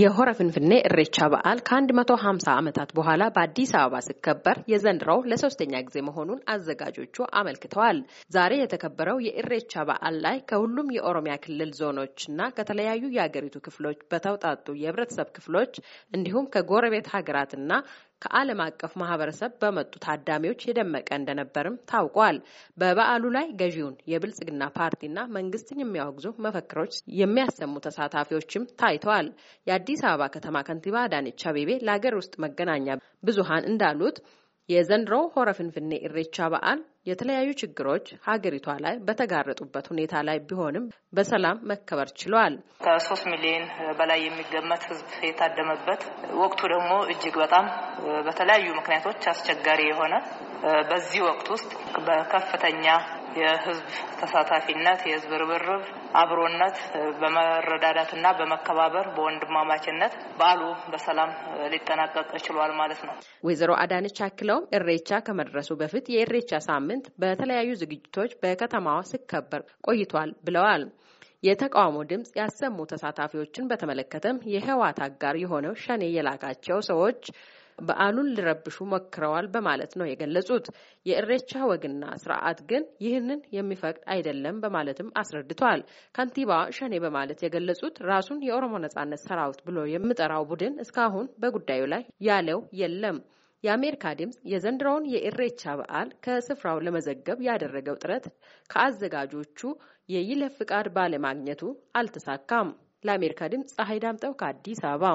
የሆረ ፍንፍኔ እሬቻ በዓል ከ150 ዓመታት በኋላ በአዲስ አበባ ሲከበር የዘንድሮው ለሶስተኛ ጊዜ መሆኑን አዘጋጆቹ አመልክተዋል። ዛሬ የተከበረው የእሬቻ በዓል ላይ ከሁሉም የኦሮሚያ ክልል ዞኖች እና ከተለያዩ የአገሪቱ ክፍሎች በተውጣጡ የህብረተሰብ ክፍሎች እንዲሁም ከጎረቤት ሀገራትና ከዓለም አቀፍ ማህበረሰብ በመጡ ታዳሚዎች የደመቀ እንደነበርም ታውቋል። በበዓሉ ላይ ገዢውን የብልጽግና ፓርቲና መንግስትን የሚያወግዙ መፈክሮች የሚያሰሙ ተሳታፊዎችም ታይተዋል። የአዲስ አበባ ከተማ ከንቲባ አዳነች አቤቤ ለሀገር ውስጥ መገናኛ ብዙሀን እንዳሉት የዘንድሮ ሆረ እሬቻ ኢሬቻ በዓል የተለያዩ ችግሮች ሀገሪቷ ላይ በተጋረጡበት ሁኔታ ላይ ቢሆንም በሰላም መከበር ችሏል። ከሶስት ሚሊዮን በላይ የሚገመት ሕዝብ የታደመበት ወቅቱ ደግሞ እጅግ በጣም በተለያዩ ምክንያቶች አስቸጋሪ የሆነ በዚህ ወቅት ውስጥ በከፍተኛ የህዝብ ተሳታፊነት፣ የህዝብ ርብርብ፣ አብሮነት በመረዳዳትና በመከባበር በወንድማማችነት በዓሉ በሰላም ሊጠናቀቅ ችሏል ማለት ነው። ወይዘሮ አዳነች አክለውም እሬቻ ከመድረሱ በፊት የእሬቻ ሳምንት በተለያዩ ዝግጅቶች በከተማዋ ሲከበር ቆይቷል ብለዋል። የተቃውሞ ድምጽ ያሰሙ ተሳታፊዎችን በተመለከተም የህወሓት አጋር የሆነው ሸኔ የላካቸው ሰዎች በዓሉን ሊረብሹ ሞክረዋል በማለት ነው የገለጹት። የእሬቻ ወግና ስርዓት ግን ይህንን የሚፈቅድ አይደለም በማለትም አስረድተዋል። ከንቲባ ሸኔ በማለት የገለጹት ራሱን የኦሮሞ ነጻነት ሰራዊት ብሎ የሚጠራው ቡድን እስካሁን በጉዳዩ ላይ ያለው የለም። የአሜሪካ ድምፅ የዘንድሮውን የእሬቻ በዓል ከስፍራው ለመዘገብ ያደረገው ጥረት ከአዘጋጆቹ የይለፍ ፍቃድ ባለማግኘቱ አልተሳካም። ለአሜሪካ ድምፅ ፀሐይ ዳምጠው ከአዲስ አበባ